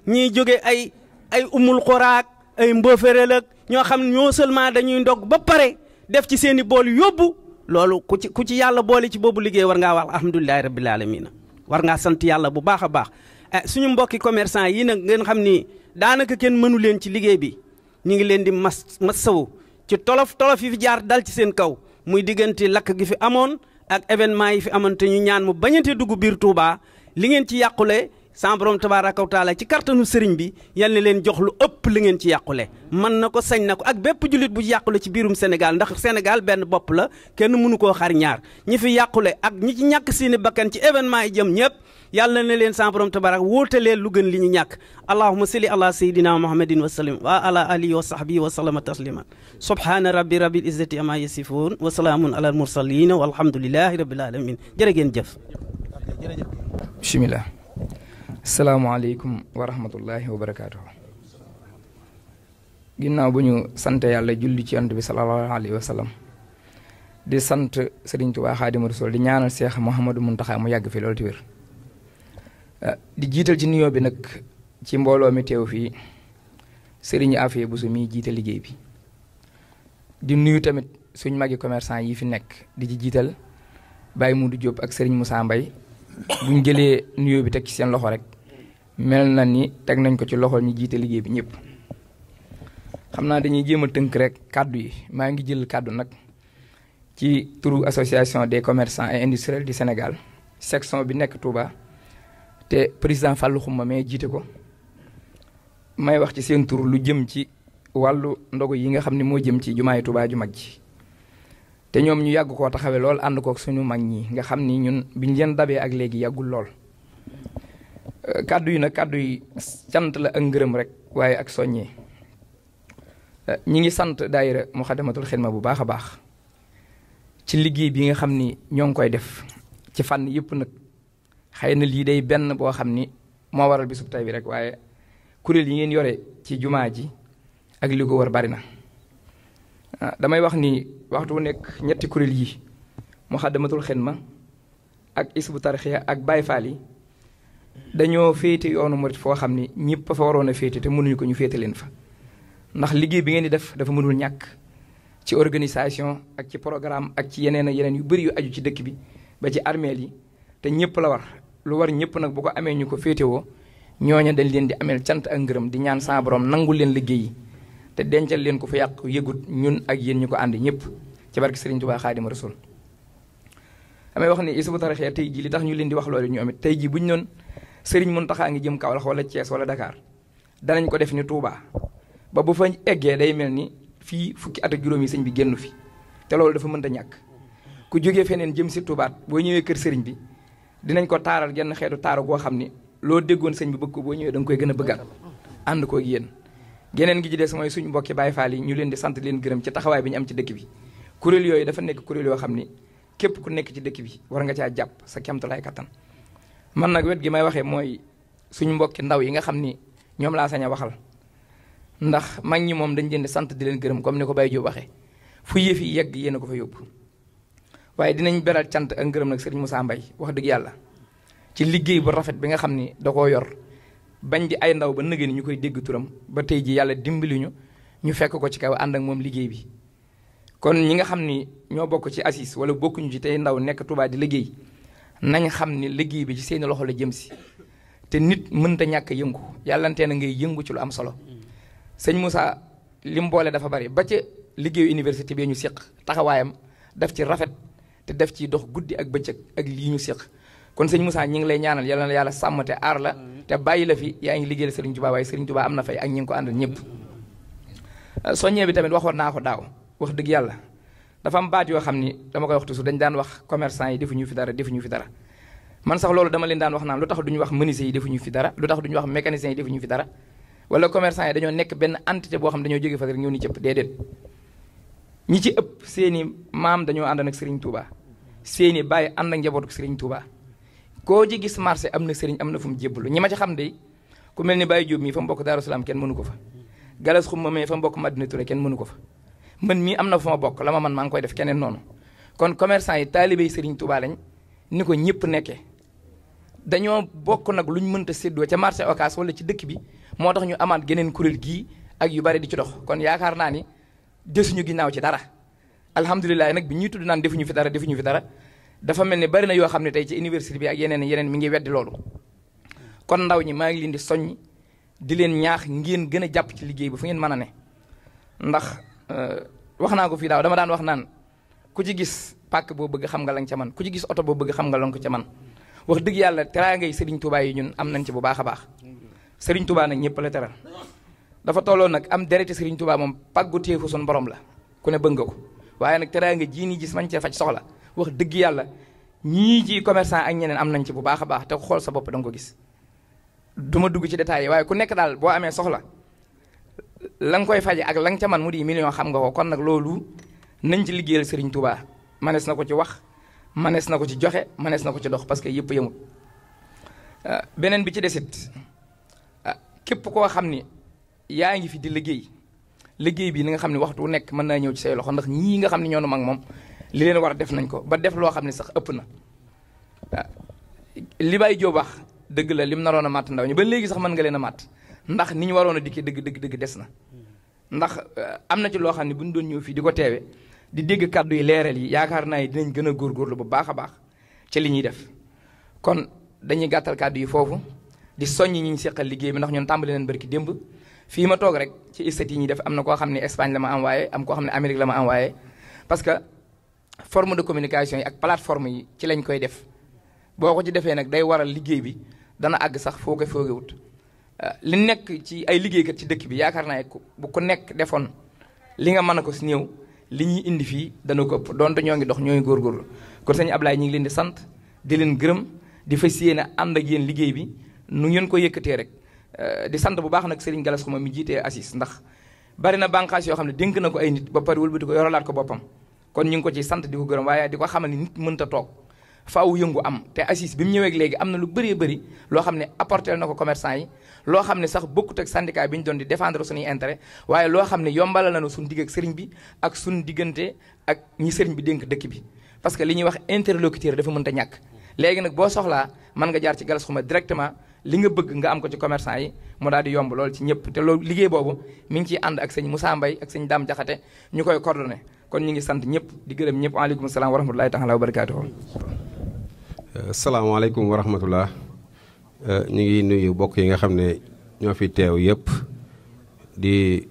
ñiy jóge ay ay umul xoraak ay mbëfëreel ak ñoo xam ñoo seulement dañuy dog ba pare def ci seen i bool yóbbu loolu ku ci ku ci yàlla boole ci boobu liggéey war ngaa wax alhamdulilahi rabbil alamina war ngaa sant yàlla bu baax a baax eh, suñu mbokki commerçant yi nag ngeen xam ni daanaka kenn mënu leen ci liggéey bi ñu ngi leen di mas masawu ci tolof tolof yi fi jaar dal ci seen kaw muy diggante lakk gi fi amoon ak événement yi fi amoon te ñu ñaan mu bañante dugg biir Touba li ngeen ci yàqule sama borom tabaaraka wa taala ci kartanu sëriñ bi yan na leen jox lu ëpp li ngeen ci yàqule man na ko sañ na ko ak bépp julit bu yàqule ci biirum Sénégal ndax Sénégal benn bopp la kenn mënu koo xar ñaar ñi fi yàqule ak ñi ci ñàkk seeni bakkan ci événement yi jëm ñëpp yàlla na leen sa borom tabarak wóotaleel lu gën li ñu ñàkk allahuma salli ala sayidina muhammadin wa sallim wa ala alihi wa sahbihi wa sallama tasliman subhana rabbi rabbil izzati ama yasifun wa salaamun ala al mursalin walhamdulilahi rabbil alamin jërë ngeen jëf bismillah asalaamaaleykum wa rahmatullahi wa barakaatu ginnaaw bu ñu sant yàlla julli ci yonent bi sallallahu alayhi wa sallam di sant Serigne Touba Xaadimu Rasuul di ñaanal Seex Muhammadu Muntaxa mu yàgg fi loolu ci wér Ah, di jiital ci nuyoo bi nag ci mbooloo mi teew fii sëriñ Afia Bousso mi jiite liggéey bi di nuyu tamit suñ magi commerçant yi fi nekk di ci jiital mu Moudou Diop ak sëriñ Moussa Mbaye buñ jëlee nuyoo bi teg ci seen loxo rek mel na ni teg nañ ko ci loxo ñi jiite liggéey bi ñëpp. xam naa dañuy jéem a tënk rek kàddu yi maa ngi jël kàddu nag ci turu association des commerçants et industriels di Sénégal section bi nekk Touba. te président Fallou Xuma mais jiite ko may wax ci seen tur lu jëm ci wàllu ndogu yi nga xam ni moo jëm ci jumaay Tuubaa ju mag ji te ñoom ñu yàgg koo taxawee lool ànd kook suñu mag ñi nga xam ni ñun biñ leen dabee ak léegi yàggul lool euh, kàddu yi nag kàddu yi sant la ak ngërëm rek waaye ak soññee euh, ñi ngi sant daayira Muxaddamatul Xidma bu baax a baax ci liggéey bi nga xam ni ñoo ngi koy def ci fànn yëpp nag xëy na lii day benn boo xam ni moo waral bisub tay bi rek waaye kuréel yi ngeen yore ci jumaa ji ak li ko war bari na ah, damay wax ni waxtu wu nekk ñetti kuréel yi Muxaddamatul ma ak Isbu Tarxiya ak Baay yi dañoo féete yoonu murit foo xam ni ñëpp fa waroon a féete te mënuñu ko ñu féete leen fa ndax liggéey bi ngeen di def dafa mënul ñàkk ci organisation ak ci programme ak ci yeneen ak yeneen yu bari yu aju ci dëkk bi ba ci armeel yi te ñëpp la war lu war ñëpp nag bu ko amee ñu ko féetewoo ñooña dañ leen di ameel cant ak ngërëm di ñaan saa borom nangu leen liggéey yi te dencal leen ku fi yàq yëgut ñun ak yéen ñu ko ànd ñëpp ci barke Serigne Touba Xaadimu Rasuul damay wax ni Hizbut Tarqiyyah tey jii li tax ñu leen di wax loolu ñoom it tey jii bu buñu noon Serigne taxaa ngi jëm Kaolack wala cees wala Dakar danañ ko def ni tuubaa ba bu fa eggee day mel ni fii fukki at juróom yi sëñ bi génnu fi te loolu dafa mënta ñàkk ku jógee feneen jëm si Touba boo ñëwee kër sëriñ bi dinañ ko taaral genn xeetu taaru goo xam ni loo déggoon sëñ bi bëgg ko boo ñëwee da koy gën a bëggaat ànd koog yéen geneen gi ci des mooy suñu mbokki bay Faal yi ñu leen di sant leen gërëm ci taxawaay bi ñu am ci dëkk bi kuréel yooyu dafa nekk kuréel yoo xam ni képp ku nekk ci dëkk bi war nga caa jàpp sa kemtalaay kattan man nag wet gi may waxee mooy suñu mbokki ndaw yi nga xam ni ñoom laa sañ a waxal ndax mag ñi moom dañ leen di sant di leen gërëm comme ni ko Baye Jóob waxee fu yëf yi yegg yéen a ko fa yóbbu waaye dinañ beral cant ak ngërëm nag Serigne Moussa mbay wax dëgg yàlla ci liggéey bu rafet bi nga xam ni da koo yor bañ di ay ndaw ba nëgëni ñu koy dégg turam ba tey ji yàlla dimbali ñu ñu fekk ko ci kaw ànd ak moom liggéey bi. kon ñi nga xam ni ñoo bokk ci ACIS wala bokkuñu ci tey ndaw nekk Touba di liggéey nañ xam ni liggéey bi ci seeni loxo la jëm si te nit mënta ñàkk yëngu yàllanteen na ngay yëngu ci lu am solo sëñ Moussa lim boole dafa bari ba ca liggéeyu université bi ñu seq taxawaayam daf ci rafet. te def ci dox guddi ak bëccëg ak lii ñu séq kon sëñ musaa ñi ngi lay ñaanal yal na yàlla sàmm te aar la te bàyyi la fi yaa ngi liggéeyal Serigne Touba waaye Serigne Touba am na fay ak ñi ngi ko àndal ñëpp soññee bi tamit waxoon naa ko daaw wax dëgg yàlla dafa am baat yoo xam ni dama koy wax toujours dañ daan wax commerçant yi defuñu fi dara defuñu fi dara man sax loolu dama leen daan wax naan lu tax duñu wax menuisier yi defuñu fi dara lu tax duñu wax mécanicien yi defuñu fi dara wala commerçant yi dañoo nekk benn entité boo xam dañoo jóge fa rek ñëw ni cëpp déedéet ñi ci ëpp seeni maam dañoo àndoon ak Serigne Touba seeni bàyyi ànd njaboot njabootu Serigne Touba koo ci gis marché am na Serigne am na fu mu lu ñi ma ci xam de ku mel ni Baye Diop mii fa mbokk Darou Salaam kenn mënu ko fa. Galas Xumma mii fa mbokk Madina Touré kenn mënu ko fa man mii am na fu ma bokk la ma man maa ngi koy def keneen noonu kon commerçant yi taalibey Serigne Touba lañ ni ko ñëpp nekkee. dañoo bokk nag lu ñu mënta séddoo ca marché Ocass wala ci dëkk bi moo tax ñu amaat geneen kuréel gii ak yu bari di ci dox kon yaakaar naa ni desuñu ginnaaw ci dara. alhamdulilah nag bi ñuy tudd naan defuñu fi dara defuñu fi dara dafa mel ni bari na yoo xam ne tey ci université bi ak yeneen yeneen mi ngi weddi loolu kon ndaw ñi maa ngi leen di soññ di leen ñaax ngeen gën a jàpp ci liggéey bi fu ngeen mën a ne ndax euh, wax naa ko fii daaw dama daan wax naan ku ci gis pàkk boo bëgg xam nga la ca man ku ci gis oto boo bëgg xam nga la ko ca man wax dëgg yàlla teraangay Serigne Touba yi ñun am nañ ci bu baax a baax Serigne Touba nag ñëpp la teral dafa tolloo nag am dereti Serigne Touba moom pàggu téefu sun borom la ku waaye nag teraanga jii nii gis mañ cee faj soxla wax dëgg yàlla ñii ji commerçant ak ñeneen am nañ ci bu baax a baax te xool sa bopp danga ko gis. du ma dugg ci détails yi waaye ku nekk daal boo amee soxla lan koy faje ak la nga ca man mu di million xam nga ko kon nag loolu nañ ci liggéeyal Serigne Touba manees na ko ci wax manees na ko ci joxe manees na ko ci dox parce que yëpp yëmut ah, beneen bi ci desit ah, képp koo xam ni yaa ngi fi di liggéey. liggéey bi ni nga xam ne waxtu nekk mën naa ñëw ci say loxo ndax ñii nga xam ne ñoo nu mag moom li leen war def nañ ko ba def loo xam ne sax ëpp na li Baye Diop wax dëgg la lim naroon a màtt ndaw ñi ba léegi sax mën nga leen a màtt ndax ni ñu waroon a dikki dëgg dëgg dëgg des na ndax eh, am na ci loo xam ne bu ñu doon ñëw fii di ko teewe di dégg kàddu yi leeral yi yaakaar naa yi dinañ gën a góorgóorlu bu baax a baax ci li ñuy def kon dañuy gàttal kàddu yi foofu di soññ ñi ñu liggéey bi ndax ñun tàmbali leen barki démb fii ma toog rek ci istat yi ñuy def am na koo xam ne Espagne la ma envoyé am koo xam ne Amérique la ma envoyé parce que forme de communication yi ak plateforme yi ci lañ koy def boo ko ci defee nag day waral liggéey bi dana àgg sax foo ko wut li nekk ci ay liggéey kat ci dëkk bi yaakaar naa bu ko nekk defoon li nga mën a ko si néew li ñuy indi fii dana ko ëpp donte ñoo ngi dox ñoo ngi góorgóorlu kon sañ Ablaye ñu ngi leen di sant di leen gërëm di fas yéene ànd ak yéen liggéey bi nu ngeen ko yëkkatee rek. Euh, di sant bu baax nag Serigne Gallas Khouma mi jiitee ACIS ndax bari na bànqaas yoo xam ne dénk na ko ay nit ba pare wëlbati ko yoralaat ko boppam kon ñu ngi ko ci sant di ko gërëm waaye di ko xamal ni nit mënta toog faaw yëngu am te ACIS bi mu ñëwee léegi am na lu bëree bëri loo xam ne apporté na ko commerçant yi loo xam ne sax bokkut ak syndicat bi ñu doon di défendre suñuy intérêt waaye loo xam ne yombalal na suñu digg ak sëriñ bi ak suñu diggante ak ñi sëriñ bi dénk dëkk bi parce que li ñuy wax interlocuteur dafa mënta ñàkk léegi nag boo soxlaa mën nga jaar ci Gallas Khouma directement li nga bëgg nga am ko ci commerçant yi mu daal di yomb lool ci ñëpp te loolu liggéey boobu mi ngi ciy ànd ak sëñ Moussa Mbaye ak sañ daam Diakhaté ñu koy coordonné kon ñu ngi sant ñëpp di gërëm ñëpp waaleykum salaam wa rahmatulahi taala wa barakaatuhu euh, salaamaaleykum wa rahmatulah euh, ñu ngi nuyu bokk yi nga xam ne ñoo fi teew yëpp di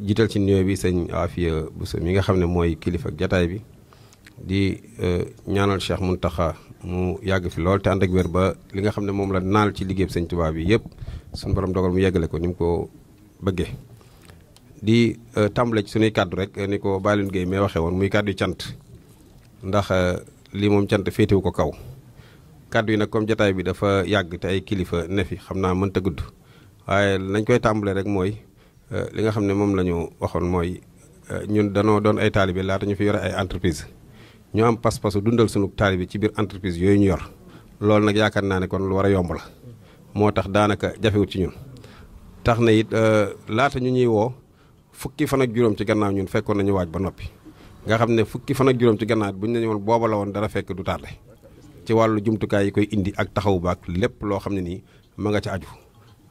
jiital ci nuyoo bi sëñ bu Bousso yi nga xam ne mooy kilifa jataay bi di eh, ñaanal mun tax mu yàgg fi lool te ànd ak wér ba li nga xam ne moom la naal ci liggéey Sëñ Tuubaa bi yëpp suñu borom dogal mu yeggale ko ko bëggee. di eh, tàmbale ci suñuy kàddu rek eh, ni ko Baalin Guèye may waxee woon muy kàddu cant ndax lii moom cant féetewu ko kaw kàddu yi nag comme jataay bi dafa yàgg te kilifa ne fi xam naa mënta gudd waaye lañ koy tàmbale rek mooy li nga xam ne moom la waxoon mooy ñun danoo doon ay taalibe laata ñu fi yore ay entreprise ñu am pas-pasu dundal sunu taalibe bi ci biir entreprise yooyu ñu yor loolu nag yaakaar naa ne kon lu war a yomb la moo tax daanaka jafewut ci ñun tax na it euh, laata ñu ñuy woo fukki fan ak juróom ci gannaaw ñun fekkoon nañu waaj ba noppi nga xam ne fukki fan ak juróom ci gannaaw bu ñu ñëwoon booba la woon dara fekk du tardé ci wàllu jumtukaay yi koy indi ak taxawu baak lépp loo xam ne nii ma nga ca aju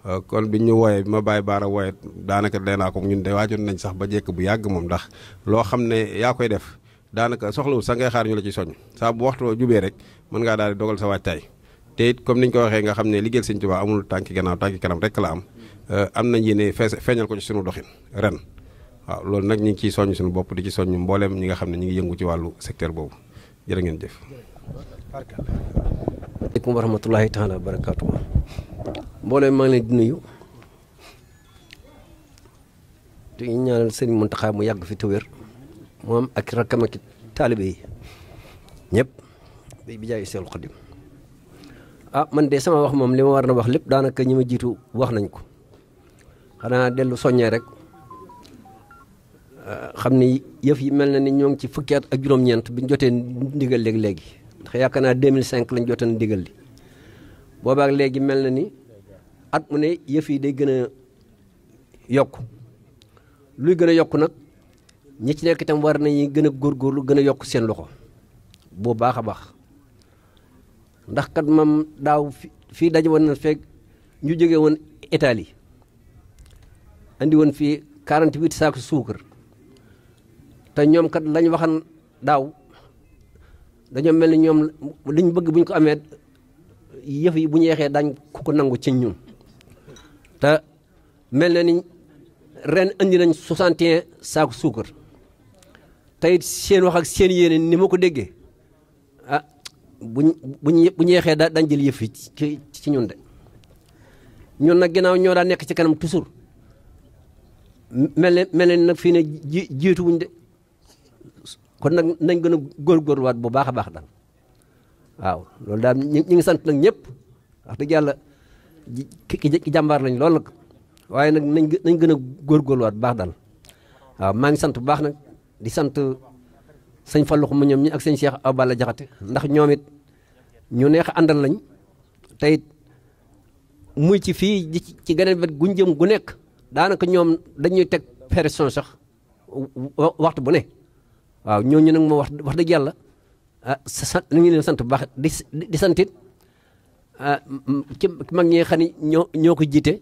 euh, kon bi ñu wooyee bi ma bàyyi baara wooyee daanaka dee naa ko ñun de waajoon nañ sax ba jekk bu yàgg moom ndax loo xam ne yaa koy def daanaka soxlawul sax ngay xaar ñu la ci soñ saa bu waxtu jubee rek mën ngaa daal di dogal sa waajtaay te it comme niñ ko waxee nga xam ne liggéeyal Sëñ Tuubaa amul tànki gannaaw tànki kanam rek la am eh, am nañ yéene fees feeñal ko ci sunu doxin ren waaw loolu nag ñu ngi ciy soññ suñu bopp di ci soññ mbooleem ñi nga xam ne ñu ngi yëngu ci wàllu secteur boobu jërë ngeen jëf aleykum wa wa barakaatu mbooleem maa ngi leen di nuyu di mu yàgg fi te moom ak rakkam ak taalibe yi ñëpp bi jaay Seexul Xadim ah man de sama wax moom li ma war na wax lépp daanaka ñi ma jiitu wax nañ ko xanaa dellu soñee rek ah, xam ni yëf yi mel na ni ñoom ci fukki at ak juróom-ñeent bi ñu jotee ndigal léegi léegi ndax yaakaar naa 2005 lañ jotoon ndigal li boobaak léegi mel na ni at mu ne yëf yi day gën a yokk luy gën a yokk nag. ñi ci nekk itam war nañ gën a góorgóorlu gën a yokk seen loxo bu baax a baax ndax kat mam daaw fii daje woon na feg ñu jóge woon itali andi woon fii 48 saako suukar te ñoom kat lañ waxan daaw dañoo mel ni ñoom liñ bëgg buñ ko amee yëf yi bu ñu yeexee daañ ku ko nangu ci ñun te mel na ni ren andi nañ 61 saako suukar tey seen wax ak seen yéene ni ma ko déggee ah buñ buñ bu ñeexee da dañ jël yëf yi ci ci ñun de ñun nag ginnaaw ñoo daa nekk ci kanam toujours mel ne mel ne nag fii ne ji jiituwuñ de kon nag nañ gën a góorgóorluwaat bu baax a baax daal waaw loolu daal ñu ngi sant nag ñëpp wax dëgg yàlla ki jàmbaar lañ lool nag waaye nag nañ nañ gën a góorgóorluwaat bu baax daal waaw maa ngi sant bu baax nag. di sant sëñ Fallou Xuma ñoom ñi ak sañ sëñ a Abala Jaxate ndax ñoom it ñu neex àndal lañ tey muy ci fii ci geneen wet guñ jëm gu nekk daanaka ñoom dañuy teg pression sax waxtu bu ne waaw ñu nag moo wax wax dëgg yàlla ah ñu ngi leen sant bu baax di di santit ah, ci mag ñi xam ne ñoo ñoo ko jiite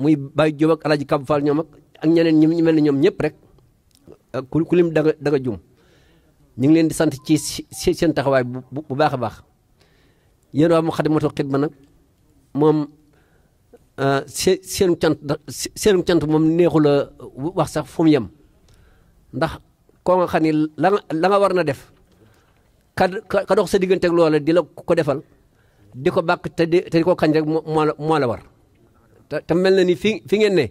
muy Baye Diop ak El Hadj Kab Fall ñoom ak ñeneen ñi mel ne ñoom ñëpp rek. ku ku lim da nga da nga jum ñu ngi leen di sant ci seen taxawaay bu baax a baax yéen waa Moukhaddamatoul Khidma nag moom euh, see seenu cant seenu cant moom neexul a wax sax fu yem ndax koo nga xam ni la nga la nga war na def ka ka sa digganteeg loola di la ko defal di ko bakk te di te di ko kañ rek moo la la war te mel na ni fi fi ne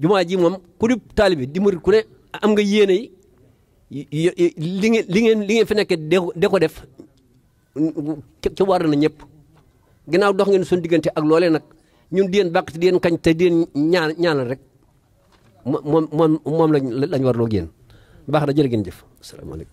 jumaa ji moom ku taalibi di murit ku am nga yéene yi li ngeen li ngeen li ngeen fi nekk de ko def ci war na ñëpp ginnaaw dox ngeen suñu diggante ak loolee nag ñun di leen bàq te di leen kañ te di leen ñaan ñaanal rek moom moom moom lañ lañ warloo ak yéen baax na jërë ngeen jëf asalaamaaleykum.